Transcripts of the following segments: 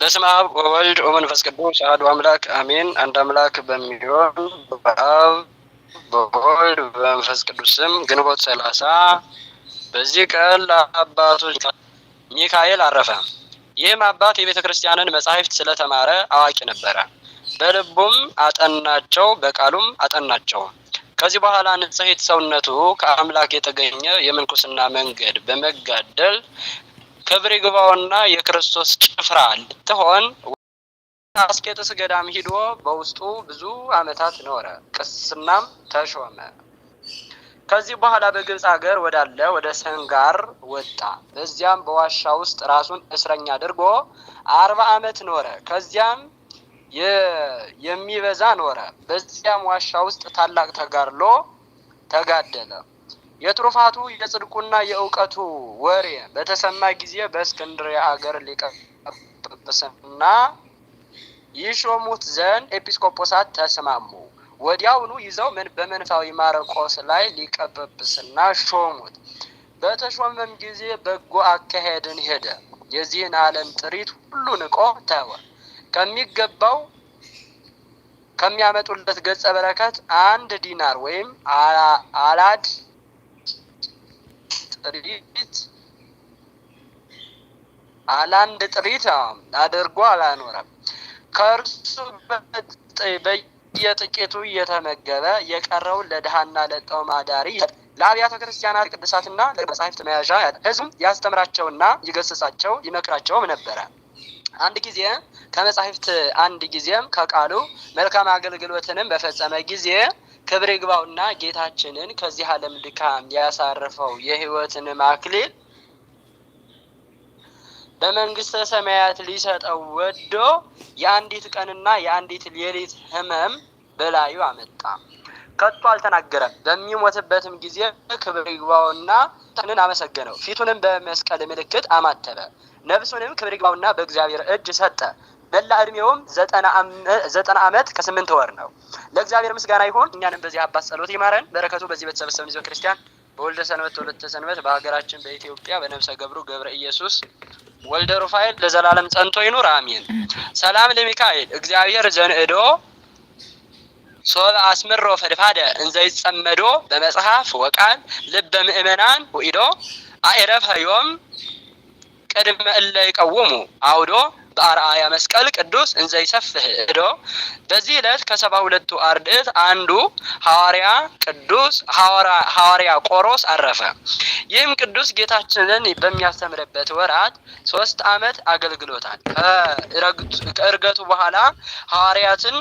በስመ አብ ወወልድ ወመንፈስ ቅዱስ አሐዱ አምላክ አሜን። አንድ አምላክ በሚሆን በአብ በወልድ በመንፈስ ቅዱስ ስም ግንቦት ሰላሳ በዚህ ቀን ለአባቶች ሚካኤል አረፈ። ይህም አባት የቤተ ክርስቲያንን መጻሕፍት ስለተማረ አዋቂ ነበረ። በልቡም አጠናቸው፣ በቃሉም አጠናቸው። ከዚህ በኋላ ንጽሕት ሰውነቱ ከአምላክ የተገኘ የምንኩስና መንገድ በመጋደል ክብር ይግባውና የክርስቶስ ጭፍራ ልትሆን አስቄጥስ ገዳም ሂዶ በውስጡ ብዙ ዓመታት ኖረ። ቅስናም ተሾመ። ከዚህ በኋላ በግብፅ ሀገር ወዳለ ወደ ሰንጋር ወጣ። በዚያም በዋሻ ውስጥ ራሱን እስረኛ አድርጎ አርባ ዓመት ኖረ። ከዚያም የሚበዛ ኖረ። በዚያም ዋሻ ውስጥ ታላቅ ተጋድሎ ተጋደለ። የትሩፋቱ የጽድቁና የእውቀቱ ወሬ በተሰማ ጊዜ በእስክንድርያ አገር ሊቀ ጵጵስና ይሾሙት ዘንድ ኤጲስቆጶሳት ተስማሙ። ወዲያውኑ ይዘው በመንፋዊ ማረቆስ ላይ ሊቀ ጵጵስና ሾሙት። በተሾመም ጊዜ በጎ አካሄድን ሄደ። የዚህን ዓለም ጥሪት ሁሉ ንቆ ተወ። ከሚገባው ከሚያመጡለት ገጸ በረከት አንድ ዲናር ወይም አላድ ጥሪት አላንድ ጥሪት አድርጎ አላኖረም። ከእርሱ በየጥቂቱ እየተመገበ የቀረው ለድሃና ለጦም አዳሪ ለአብያተ ክርስቲያናት ቅዱሳትና ለመጻሕፍት መያዣ ህዝብ ያስተምራቸውና ይገስጻቸው ይመክራቸውም ነበረ። አንድ ጊዜ ከመጻሕፍት አንድ ጊዜም ከቃሉ መልካም አገልግሎትንም በፈጸመ ጊዜ ክብር ይግባውና ጌታችንን ከዚህ ዓለም ድካም ያሳረፈው የህይወትን አክሊል በመንግስተ ሰማያት ሊሰጠው ወዶ የአንዲት ቀንና የአንዲት ሌሊት ህመም በላዩ አመጣ። ከቶ አልተናገረም። በሚሞትበትም ጊዜ ክብር ይግባውና ጌታችንን አመሰገነው። ፊቱንም በመስቀል ምልክት አማተበ። ነፍሱንም ክብር ይግባውና በእግዚአብሔር እጅ ሰጠ። መላ እድሜውም ዘጠና ዓመት ከስምንት ወር ነው። ለእግዚአብሔር ምስጋና ይሁን። እኛንም በዚህ አባት ጸሎት ይማረን። በረከቱ በዚህ በተሰበሰብን ሕዝበ ክርስቲያን በወልደ ሰንበት በወለተ ሰንበት በሀገራችን በኢትዮጵያ በነብሰ ገብሩ ገብረ ኢየሱስ ወልደ ሩፋኤል ለዘላለም ጸንቶ ይኑር፣ አሜን። ሰላም ለሚካኤል እግዚአብሔር ዘንእዶ ሶብ አስምሮ ፈድፋደ እንዘይጸመዶ በመጽሐፍ ወቃል ልበ ምእመናን ውኢዶ አእረፈ ቅድመ እለ ይቀውሙ አውዶ በአርአያ መስቀል ቅዱስ እንዘ ይሰፍህ እዶ። በዚህ ዕለት ከሰባ ሁለቱ አርድእት አንዱ ሐዋርያ ቅዱስ ሐዋርያ ቆሮስ አረፈ። ይህም ቅዱስ ጌታችንን በሚያስተምርበት ወራት ሶስት ዓመት አገልግሎታል። ከእርገቱ በኋላ ሐዋርያትን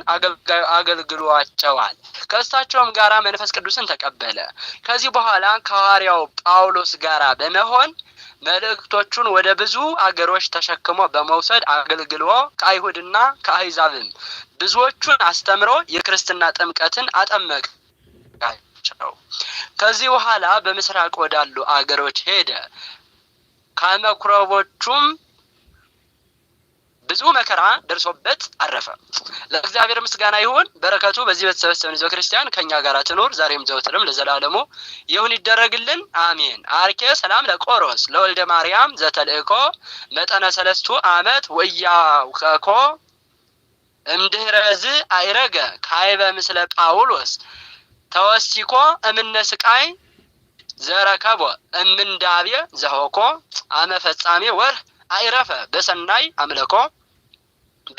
አገልግሏቸዋል። ከእሳቸውም ጋራ መንፈስ ቅዱስን ተቀበለ። ከዚህ በኋላ ከሐዋርያው ጳውሎስ ጋራ በመሆን መልእክቶቹን ወደ ብዙ አገሮች ተሸክሞ በመውሰድ አገልግሎ ከአይሁድና ከአሕዛብም ብዙዎቹን አስተምሮ የክርስትና ጥምቀትን አጠመቃቸው። ከዚህ በኋላ በምስራቅ ወዳሉ አገሮች ሄደ። ከመኩረቦቹም ብዙ መከራ ደርሶበት አረፈ። ለእግዚአብሔር ምስጋና ይሁን። በረከቱ በዚህ በተሰበሰብን ሕዝበ ክርስቲያን ከእኛ ጋር ትኖር ዛሬም ዘወትርም ለዘላለሙ ይሁን ይደረግልን፣ አሜን። አርኬ ሰላም ለቆሮስ ለወልደ ማርያም ዘተልእኮ መጠነ ሰለስቱ አመት ወያው ከኮ እምድህረዝ አይረገ ካይበ ምስለ ጳውሎስ ተወሲኮ እምነስቃይ ዘረከቦ እምንዳቤ ዘሆኮ አመፈጻሜ ወርህ አይረፈ በሰናይ አምለኮ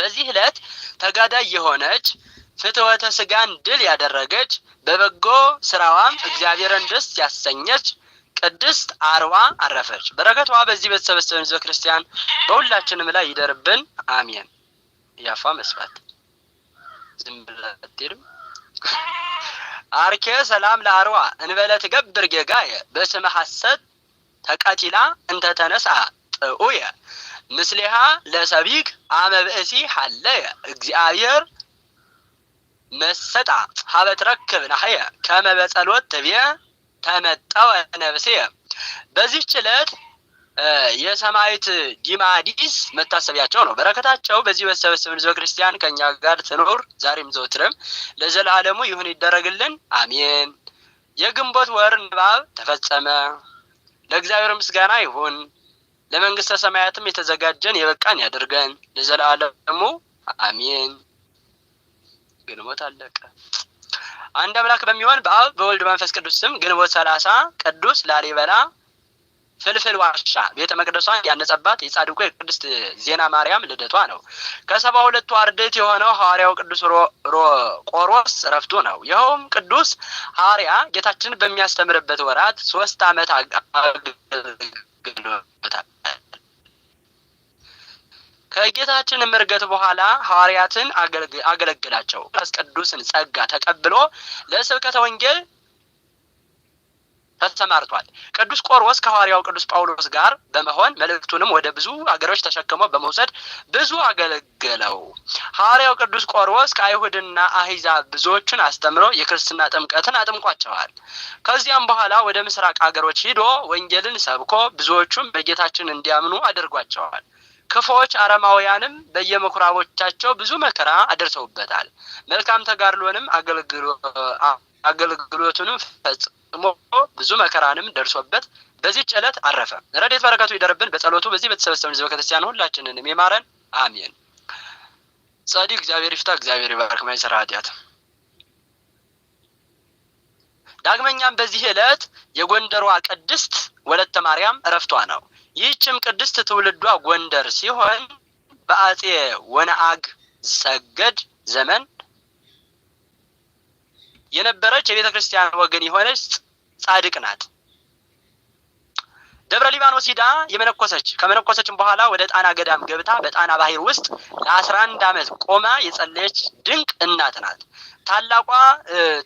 በዚህ ዕለት ተጋዳይ የሆነች ፍትወተ ስጋን ድል ያደረገች በበጎ ስራዋም እግዚአብሔርን ደስ ያሰኘች ቅድስት አርዋ አረፈች። በረከቷ በዚህ በተሰበሰበን ህዝበ ክርስቲያን በሁላችንም ላይ ይደርብን፣ አሜን። ያፋ መስፋት ዝም ብላትልም አርኬ ሰላም ለአርዋ እንበለ ትገብር ጌጋየ በስመ ሐሰት ተቀቲላ እንተተነሳ ጥዑየ ምስሌሃ ለሰቢክ አመብእሲ ሐለየ እግዚአብሔር መሰጣ ሀበ ትረክብ ናህየ ከመበጸሎት በጸሎት ትቤ ተመጠወ ነፍስየ። በዚህች ዕለት የሰማዕት ዲማዲስ መታሰቢያቸው ነው። በረከታቸው በዚህ በተሰበሰብን ሕዝበ ክርስቲያን ከእኛ ጋር ትኖር ዛሬም ዘወትርም ለዘላለሙ ይሁን ይደረግልን፣ አሜን። የግንቦት ወር ንባብ ተፈጸመ። ለእግዚአብሔር ምስጋና ይሁን። ለመንግስተ ሰማያትም የተዘጋጀን የበቃን ያደርገን ለዘላለሙ አሜን። ግንቦት አለቀ። አንድ አምላክ በሚሆን በአብ በወልድ መንፈስ ቅዱስ ስም ግንቦት ሰላሳ ቅዱስ ላሊበላ ፍልፍል ዋሻ ቤተ መቅደሷን ያነጸባት የጻድቁ የቅድስት ዜና ማርያም ልደቷ ነው። ከሰባ ሁለቱ አርድእት የሆነው ሐዋርያው ቅዱስ ቆሮስ እረፍቱ ነው። ይኸውም ቅዱስ ሐዋርያ ጌታችን በሚያስተምርበት ወራት ሶስት ዓመት ከጌታችን መርገት በኋላ ሐዋርያትን አገለግላቸው። መንፈስ ቅዱስን ጸጋ ተቀብሎ ለስብከተ ወንጌል ተሰማርቷል። ቅዱስ ቆሮስ ከሐዋርያው ቅዱስ ጳውሎስ ጋር በመሆን መልእክቱንም ወደ ብዙ ሀገሮች ተሸክሞ በመውሰድ ብዙ አገለገለው። ሐዋርያው ቅዱስ ቆሮስ ከአይሁድና አሕዛብ ብዙዎችን አስተምሮ የክርስትና ጥምቀትን አጥምቋቸዋል። ከዚያም በኋላ ወደ ምስራቅ ሀገሮች ሂዶ ወንጌልን ሰብኮ ብዙዎቹም በጌታችን እንዲያምኑ አድርጓቸዋል። ክፎች አረማውያንም በየምኩራቦቻቸው ብዙ መከራ አደርሰውበታል። መልካም ተጋድሎንም አገልግሎ አገልግሎቱንም ፈጽሞ ብዙ መከራንም ደርሶበት በዚህች ዕለት አረፈ። ረድኤት በረከቱ ይደርብን፣ በጸሎቱ በዚህ በተሰበሰብን ሕዝበ ክርስቲያን ሁላችንንም ይማረን፣ አሜን። ጻድቅ እግዚአብሔር ይፍታ፣ እግዚአብሔር ይባርክ። ማይሰራ ኃጢአት። ዳግመኛም በዚህ ዕለት የጎንደሯ ቅድስት ወለተ ማርያም እረፍቷ ነው። ይህችም ቅድስት ትውልዷ ጎንደር ሲሆን በአጼ ወነአግ ሰገድ ዘመን የነበረች የቤተ ክርስቲያን ወገን የሆነች ጻድቅ ናት። ደብረ ሊባኖስ ሂዳ የመነኮሰች ከመነኮሰችም በኋላ ወደ ጣና ገዳም ገብታ በጣና ባህር ውስጥ ለአስራ አንድ ዓመት ቆማ የጸለየች ድንቅ እናት ናት። ታላቋ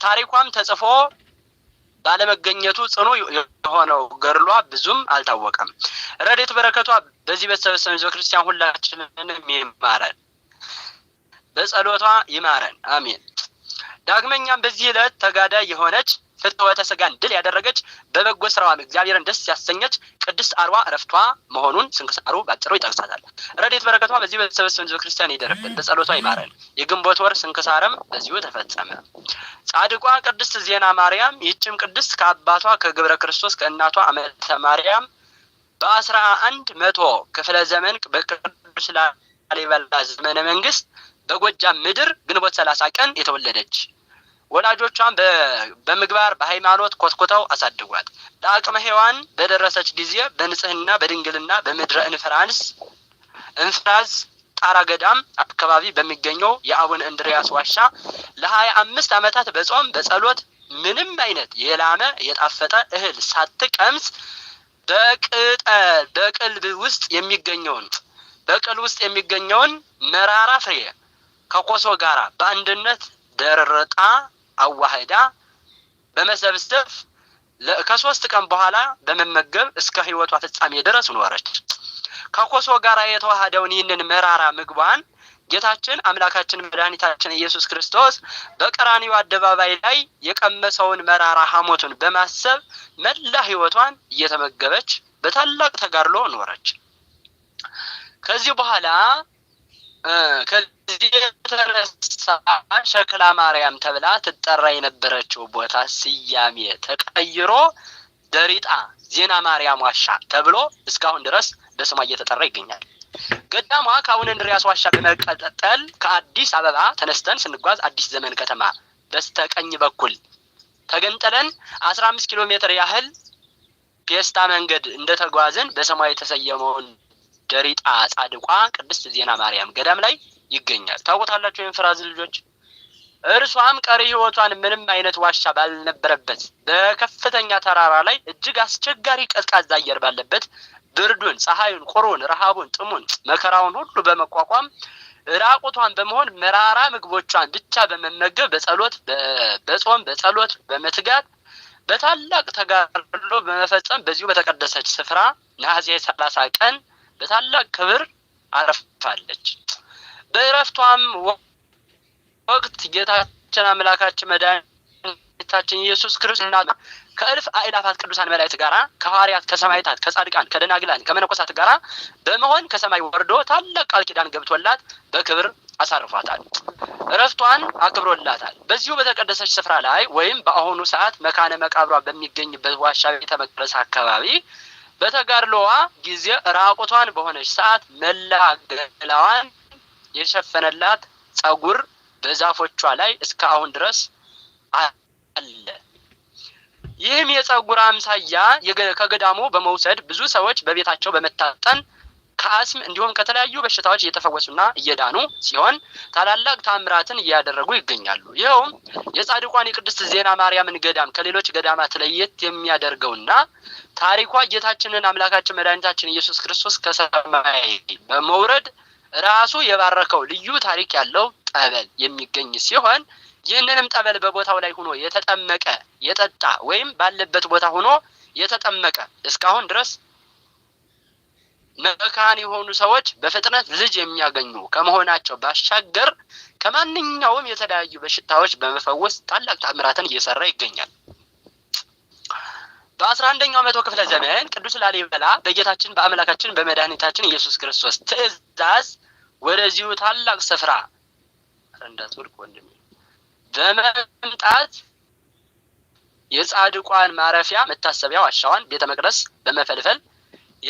ታሪኳም ተጽፎ ባለመገኘቱ ጽኑ የሆነው ገድሏ ብዙም አልታወቀም። ረዴት በረከቷ በዚህ በተሰበሰበ ህዝበ ክርስቲያን ሁላችንንም ይማረን፣ በጸሎቷ ይማረን፣ አሜን። ዳግመኛም በዚህ ዕለት ተጋዳይ የሆነች ፍትወተ ስጋን ድል ያደረገች በበጎ ስራዋ እግዚአብሔርን ደስ ያሰኘች ቅድስት አርዋ እረፍቷ መሆኑን ስንክሳሩ ባጭሩ ይጠቅሳታል። ረድኤት በረከቷ በዚህ በተሰበሰበ ሕዝበ ክርስቲያን ይደርብን፣ በጸሎቷ ይማረን። የግንቦት ወር ስንክሳርም በዚሁ ተፈጸመ። ጻድቋ ቅድስት ዜና ማርያም። ይህችም ቅድስት ከአባቷ ከግብረ ክርስቶስ ከእናቷ አመተ ማርያም በአስራ አንድ መቶ ክፍለ ዘመን በቅዱስ ላሊበላ ዘመነ መንግስት በጎጃም ምድር ግንቦት ሰላሳ ቀን የተወለደች ወላጆቿን በምግባር በሃይማኖት ኮትኩተው አሳድጓት ለአቅመ ሔዋን በደረሰች ጊዜ በንጽህና በድንግልና በምድረ እንፍራንስ እንፍራዝ ጣራ ገዳም አካባቢ በሚገኘው የአቡነ እንድሪያስ ዋሻ ለሀያ አምስት ዓመታት በጾም በጸሎት ምንም አይነት የላመ የጣፈጠ እህል ሳትቀምስ በቅጠ በቅልብ ውስጥ የሚገኘውን በቅል ውስጥ የሚገኘውን መራራ ፍሬ ከኮሶ ጋራ በአንድነት ደርጣ አዋህዳ በመሰብሰብ ከሶስት ቀን በኋላ በመመገብ እስከ ህይወቷ ፍጻሜ ድረስ ኖረች። ከኮሶ ጋራ የተዋሃደውን ይህንን መራራ ምግቧን ጌታችን አምላካችን መድኃኒታችን ኢየሱስ ክርስቶስ በቀራኒው አደባባይ ላይ የቀመሰውን መራራ ሐሞቱን በማሰብ መላ ህይወቷን እየተመገበች በታላቅ ተጋድሎ ኖረች። ከዚህ በኋላ ከዚህ የተነሳ ሸክላ ማርያም ተብላ ትጠራ የነበረችው ቦታ ስያሜ ተቀይሮ ደሪጣ ዜና ማርያም ዋሻ ተብሎ እስካሁን ድረስ በስሟ እየተጠራ ይገኛል። ገዳሟ ከአቡነ እንድርያስ ዋሻ በመቀጠል ከአዲስ አበባ ተነስተን ስንጓዝ አዲስ ዘመን ከተማ በስተቀኝ በኩል ተገንጥለን አስራ አምስት ኪሎ ሜትር ያህል ፔስታ መንገድ እንደተጓዝን በሰማይ የተሰየመውን ደሪጣ ጻድቋ ቅድስት ዜና ማርያም ገዳም ላይ ይገኛል። ታውቁታላችሁ ይህን ልጆች። እርሷም ቀሪ ህይወቷን ምንም አይነት ዋሻ ባልነበረበት በከፍተኛ ተራራ ላይ እጅግ አስቸጋሪ ቀዝቃዛ አየር ባለበት ብርዱን፣ ፀሐዩን፣ ቁሩን፣ ረሃቡን፣ ጥሙን፣ መከራውን ሁሉ በመቋቋም ራቁቷን በመሆን መራራ ምግቦቿን ብቻ በመመገብ በጸሎት በጾም በጸሎት በመትጋት በታላቅ ተጋድሎ በመፈጸም በዚሁ በተቀደሰች ስፍራ ነሐሴ ሰላሳ ቀን በታላቅ ክብር አረፋለች። በእረፍቷም ወቅት ጌታችን አምላካችን መድኃኒታችን ኢየሱስ ክርስቶስ ከእልፍ አእላፋት ቅዱሳን መላእክት ጋር ከሐዋርያት፣ ከሰማዕታት፣ ከጻድቃን፣ ከደናግላን፣ ከመነኮሳት ጋራ በመሆን ከሰማይ ወርዶ ታላቅ ቃል ኪዳን ገብቶላት በክብር አሳርፏታል። እረፍቷን አክብሮላታል። በዚሁ በተቀደሰች ስፍራ ላይ ወይም በአሁኑ ሰዓት መካነ መቃብሯ በሚገኝበት ዋሻ ቤተ መቅደስ አካባቢ በተጋድሎዋ ጊዜ ራቁቷን በሆነች ሰዓት መላ ገላዋን የሸፈነላት ጸጉር በዛፎቿ ላይ እስካሁን ድረስ አለ። ይህም የጸጉር አምሳያ ከገዳሙ በመውሰድ ብዙ ሰዎች በቤታቸው በመታጠን ከአስም እንዲሁም ከተለያዩ በሽታዎች እየተፈወሱና እየዳኑ ሲሆን ታላላቅ ታምራትን እያደረጉ ይገኛሉ። ይኸውም የጻድቋን የቅድስት ዜና ማርያምን ገዳም ከሌሎች ገዳማት ለየት የሚያደርገውና ታሪኳ ጌታችንን አምላካችን መድኃኒታችን ኢየሱስ ክርስቶስ ከሰማይ በመውረድ ራሱ የባረከው ልዩ ታሪክ ያለው ጠበል የሚገኝ ሲሆን ይህንንም ጠበል በቦታው ላይ ሆኖ የተጠመቀ የጠጣ ወይም ባለበት ቦታ ሆኖ የተጠመቀ እስካሁን ድረስ መካን የሆኑ ሰዎች በፍጥነት ልጅ የሚያገኙ ከመሆናቸው ባሻገር ከማንኛውም የተለያዩ በሽታዎች በመፈወስ ታላቅ ታምራትን እየሰራ ይገኛል። በአስራ አንደኛው መቶ ክፍለ ዘመን ቅዱስ ላሊበላ በጌታችን በአምላካችን በመድኃኒታችን ኢየሱስ ክርስቶስ ትእዛዝ ወደዚሁ ታላቅ ስፍራ እንዳትወድቅ ወንድሜ በመምጣት የጻድቋን ማረፊያ መታሰቢያ ዋሻዋን ቤተ መቅደስ በመፈልፈል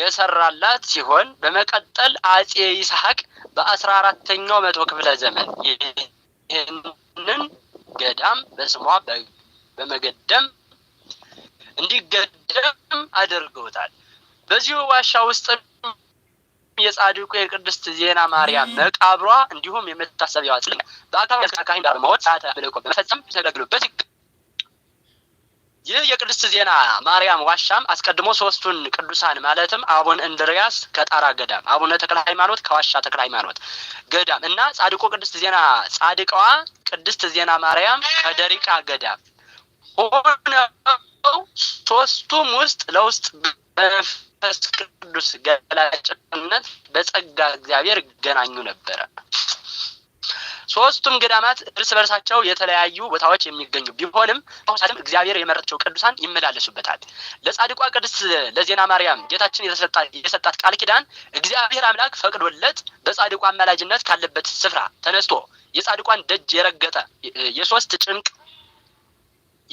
የሰራላት ሲሆን በመቀጠል አጼ ይስሐቅ በአስራ አራተኛው መቶ ክፍለ ዘመን ይህንን ገዳም በስሟ በመገደም እንዲገደም አድርገውታል። በዚሁ ዋሻ ውስጥ የጻድቁ የቅድስት ዜና ማርያም መቃብሯ እንዲሁም የመታሰቢያዋ ጽልኛ በአካባቢ አስካካሂ ጋር መሆን ሰዓተ ምልኮ በመፈጸም ተገለግሉበት ይህ የቅድስት ዜና ማርያም ዋሻም አስቀድሞ ሶስቱን ቅዱሳን ማለትም አቡነ እንድርያስ ከጣራ ገዳም፣ አቡነ ተክለ ሃይማኖት ከዋሻ ተክለ ሃይማኖት ገዳም እና ጻድቆ ቅድስት ዜና ጻድቀዋ ቅድስት ዜና ማርያም ከደሪቃ ገዳም ሆነው ሶስቱም ውስጥ ለውስጥ በመንፈስ ቅዱስ ገላጭነት በጸጋ እግዚአብሔር ይገናኙ ነበረ። ሶስቱም ገዳማት እርስ በርሳቸው የተለያዩ ቦታዎች የሚገኙ ቢሆንም እግዚአብሔር የመረጣቸው ቅዱሳን ይመላለሱበታል። ለጻድቋ ቅድስት ለዜና ማርያም ጌታችን የሰጣት ቃል ኪዳን እግዚአብሔር አምላክ ፈቅዶለት በጻድቋ አማላጅነት ካለበት ስፍራ ተነስቶ የጻድቋን ደጅ የረገጠ የሶስት ጭንቅ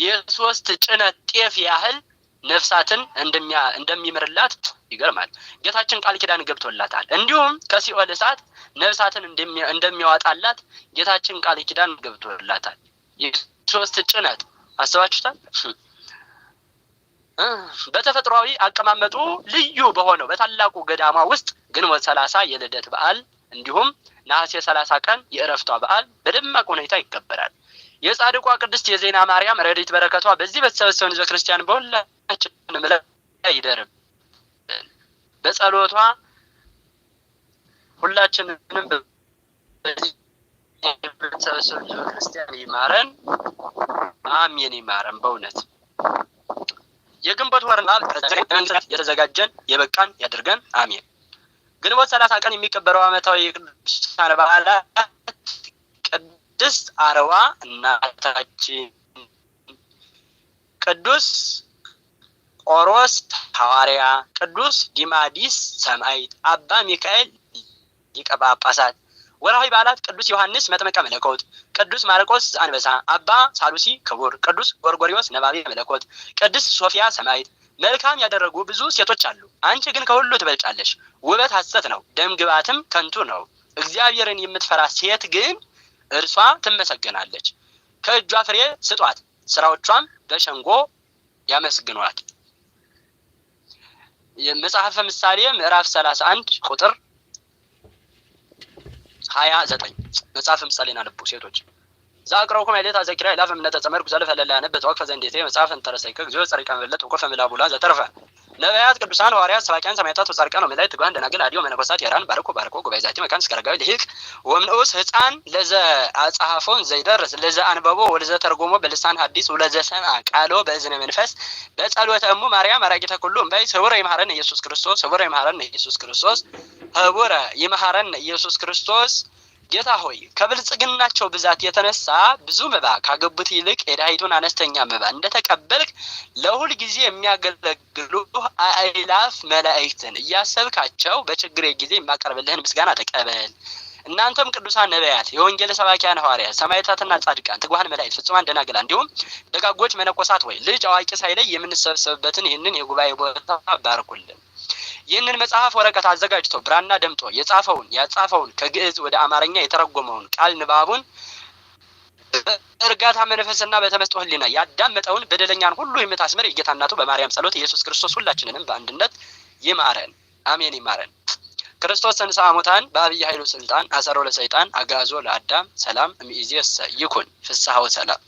የሶስት ጭነት ጤፍ ያህል ነፍሳትን እንደሚምርላት ይገርማል። ጌታችን ቃል ኪዳን ገብቶላታል። እንዲሁም ከሲኦል እሳት ነፍሳትን እንደሚያወጣላት ጌታችን ቃል ኪዳን ገብቶላታል። ሶስት ጭነት አስባችሁታል። በተፈጥሯዊ አቀማመጡ ልዩ በሆነው በታላቁ ገዳማ ውስጥ ግንቦት ሰላሳ የልደት በዓል እንዲሁም ነሐሴ ሰላሳ ቀን የእረፍቷ በዓል በደማቅ ሁኔታ ይከበራል። የጻድቋ ቅድስት የዜና ማርያም ረድኤት በረከቷ በዚህ በተሰበሰበን ህዝበ ክርስቲያን በሁላ ሁላችንም ላይ በጸሎቷ ሁላችንንም የምንሰበሰብ ክርስቲያን ይማረን፣ አሜን። ይማረን በእውነት የግንቦት ወር የተዘጋጀን የበቃን ያድርገን፣ አሜን። ግንቦት ሰላሳ ቀን የሚከበረው ዓመታዊ የቅዱሳን በዓላት ቅድስት አርዋ እናታችን ቅዱስ ኦሮስ ሐዋርያ፣ ቅዱስ ዲማዲስ ሰማዕት፣ አባ ሚካኤል ሊቀ ጳጳሳት። ወርሃዊ በዓላት ቅዱስ ዮሐንስ መጥመቀ መለኮት፣ ቅዱስ ማርቆስ አንበሳ፣ አባ ሳሉሲ ክቡር፣ ቅዱስ ጎርጎሪዎስ ነባቤ መለኮት፣ ቅድስት ሶፊያ ሰማዕት። መልካም ያደረጉ ብዙ ሴቶች አሉ፣ አንቺ ግን ከሁሉ ትበልጫለሽ። ውበት ሐሰት ነው፣ ደም ግባትም ከንቱ ነው። እግዚአብሔርን የምትፈራ ሴት ግን እርሷ ትመሰገናለች። ከእጇ ፍሬ ስጧት፣ ስራዎቿም በሸንጎ ያመስግኗል። የመጽሐፈ ምሳሌ ምዕራፍ ሰላሳ አንድ ቁጥር ሀያ ዘጠኝ መጽሐፈ ምሳሌ ናነቡ ሴቶች زاكروكم عليه تذكرا الى فمن تتمرك زلف الا نبت وقف زنديتي مصاف انت رسيك جو صريقا بلت وقف من ابو لاز ترفع نبيات قدسان واريات سلاكان سميتات وصارك انا مدايت غاند انا قال اليوم انا قصات يران باركو باركو غبيزاتي مكان سكرغا ديك ومن اوس حصان لز اصحافون زيدرس لز انبابو ولز ترغومو بلسان حديث ولز سمع قالو باذن المنفس بصلوت امو مريم راكيتا كلهم باي صبر يمهرن يسوع كريستوس صبر يمهرن يسوع كريستوس هبوره يمهرن يسوع كريستوس ጌታ ሆይ ከብልጽግናቸው ብዛት የተነሳ ብዙ መባ ካገቡት ይልቅ የድሃይቱን አነስተኛ መባ እንደተቀበልክ ለሁል ጊዜ የሚያገለግሉ አእላፍ መላእክትን እያሰብካቸው በችግሬ ጊዜ የማቀርብልህን ምስጋና ተቀበል። እናንተም ቅዱሳን ነቢያት፣ የወንጌል ሰባኪያን ሐዋርያት፣ ሰማዕታትና ጻድቃን፣ ትጉሃን መላእክት፣ ፍጹማን ደናግላን፣ እንዲሁም ደጋጎች መነኮሳት ወይ ልጅ አዋቂ ሳይለይ የምንሰበሰብበትን ይህንን የጉባኤ ቦታ ባርኩልን። ይህንን መጽሐፍ ወረቀት አዘጋጅቶ ብራና ደምጦ የጻፈውን ያጻፈውን ከግዕዝ ወደ አማርኛ የተረጎመውን ቃል ንባቡን እርጋታ መንፈስና በተመስጦ ሕሊና ያዳመጠውን በደለኛን ሁሉ የምታስምር የጌታ እናቱ በማርያም ጸሎት ኢየሱስ ክርስቶስ ሁላችንንም በአንድነት ይማረን፣ አሜን። ይማረን ክርስቶስ ተንሥአ እሙታን በአብይ ኃይሉ ስልጣን አሰሮ ለሰይጣን አጋዞ ለአዳም ሰላም እምይእዜሰ ይኩን ፍስሐ ወሰላም።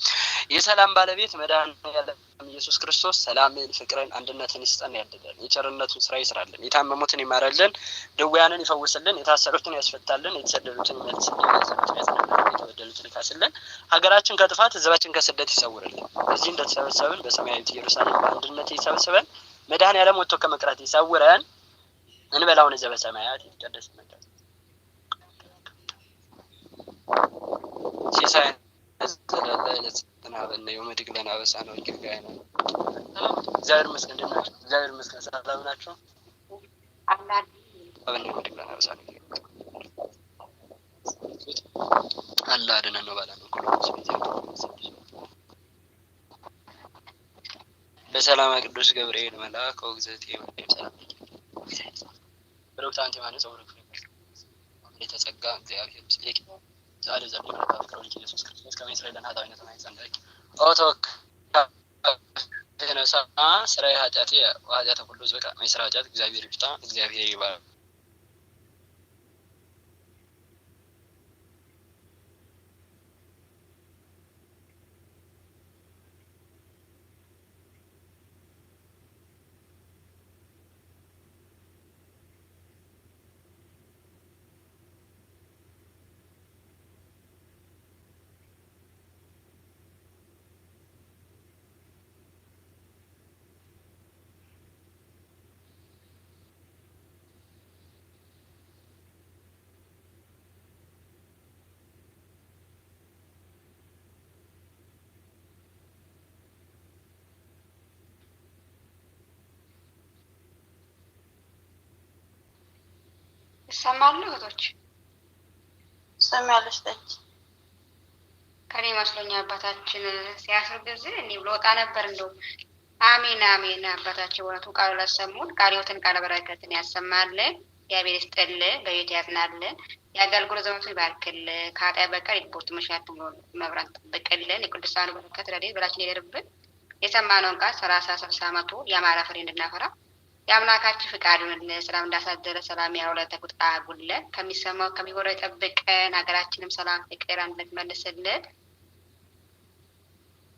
የሰላም ባለቤት መድኃኔዓለም ኢየሱስ ክርስቶስ ሰላምን፣ ፍቅርን፣ አንድነትን ይስጠን ያድለን። የቸርነቱን ስራ ይስራልን። የታመሙትን ይማረልን፣ ድውያንን ይፈውስልን፣ የታሰሩትን ያስፈታልን፣ የተሰደዱትን ይመልስልን። ያጽናናልን፣ የተበደሉትን ይካስልን፣ ሀገራችን ከጥፋት ህዝባችን ከስደት ይሰውርልን። እዚህ እንደተሰበሰብን በሰማያዊት ኢየሩሳሌም በአንድነት ይሰበስበን። መድኃኔዓለም ወጥቶ ከመቅረት ይሰውረን። እንበላውን ዘበሰማያት ይትቀደስ ይመጣል ሲሳይ በለየው መድግለን አበሳ ነው ጌርጋይ ነው። እግዚአብሔር ይመስገን። ደህና ናቸው። እግዚአብሔር ይመስገን። ሰላም ናቸው። በለየው መድግለን አበሳ ነው አላ አደነ ነው ባላ ነው በሰላም ቅዱስ ገብርኤል መልአክ ወግዘት ሰላም በዶክታንት ማለት ሰው የተጸጋ እግዚአብሔር ምስሌክ ዛሬ ዘ ፍቅረ ኢየሱስ ክርስቶስ ከመ ይስራኤል ኃጣዊነት ማይጸንዳቂ ኦቶ ነሳ ስራ ኃጢአት ኃጢአተ ሁሉ ዝበቃ ስራ ኃጢአት እግዚአብሔር ይፍታ እግዚአብሔር ይባላል። ይሰማሉ እህቶች? ስም ያለች ከኔ መስሎኛ አባታችን ሲያስር ጊዜ እኔ ብሎ ወጣ ነበር። እንደው አሜን አሜን። አባታችን እውነቱ ቃሉ ለሰሙን ቃለ ቃለ በረከትን ያሰማልን። እግዚአብሔር ይስጥልን፣ በቤት ያዝናልን፣ የአገልግሎት ዘመኑን ይባርክል። ከአጣ በቀር የቅቦርት መሻት መብራት ጠብቅልን፣ የቅዱሳኑ በረከት ረዴት በላችን ይደርብን። የሰማነውን ቃል ሰላሳ ስልሳ መቶ የአማራ ፍሬ እንድናፈራ የአምላካችን ፍቃድ ይሁንልን። ሰላም እንዳሳደረ ሰላም ያውለ ተቁጣ ጉለን ከሚሰማው ከሚሆነው የጠብቀን። ሀገራችንም ሰላም፣ ፍቅር፣ አንድነት መልስልን።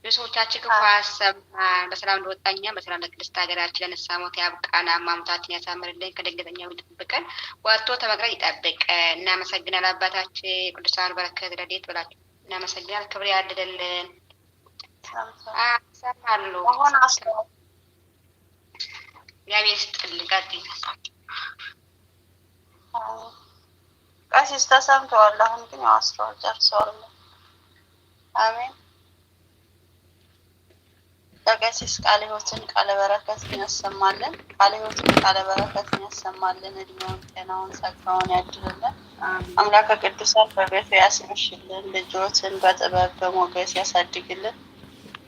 ብሶቻችን ክፉ አሰማን በሰላም እንደወጣኛ በሰላም ለቅድስት ሀገራችን ለነሳሞት ያብቃን። አማሙታችን ያሳምርልን። ከድንገተኛው ይጠብቀን። ወጥቶ ተመቅረት ይጠብቀን። እናመሰግናል አባታችን የቅዱሳን በረከት ረዴት ብላችሁ እናመሰግናል። ክብር ያድልልን። ሰማሉ እግዚአብሔር ይስጥልኝ። ቀሲስ ተሰምተዋል። አሁን ግን አስረው ደርሰዋል። አሜን። ከቀሲስ ቃለ ሕይወትን ቃለ በረከትን ያሰማልን። ቃለ ሕይወትን ቃለ በረከትን ያሰማልን። እድሜውን፣ ጤናውን፣ ጸጋውን ያድልልን። አምላከ ቅዱሳን በቤቱ ያስምሽልን። ልጆትን በጥበብ በሞገስ ያሳድግልን።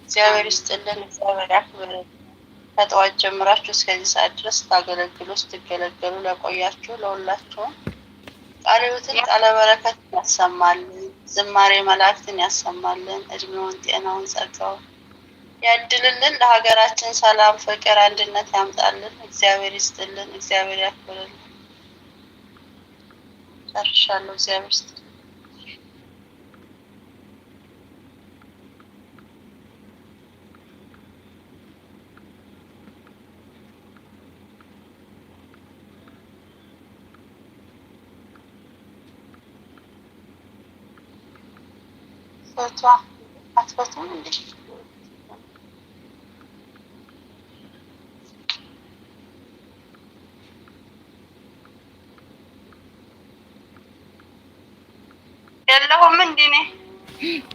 እግዚአብሔር ይስጥልን። እግዚአብሔር ያክብርልን። ከጠዋት ጀምራችሁ እስከዚህ ሰዓት ድረስ ታገለግሉ ስትገለገሉ ለቆያችሁ ለሁላችሁም ቃለ ቃለበረከትን ቃለ ያሰማልን። ዝማሬ መላእክትን ያሰማልን። እድሜውን፣ ጤናውን፣ ጸጋው ያድልልን። ለሀገራችን ሰላም፣ ፍቅር፣ አንድነት ያምጣልን። እግዚአብሔር ይስጥልን። እግዚአብሔር ያክብርልን። ጨርሻለሁ። እግዚአብሔር በእሷ አትፈቱም እንዴ? የለሁም እንዲህ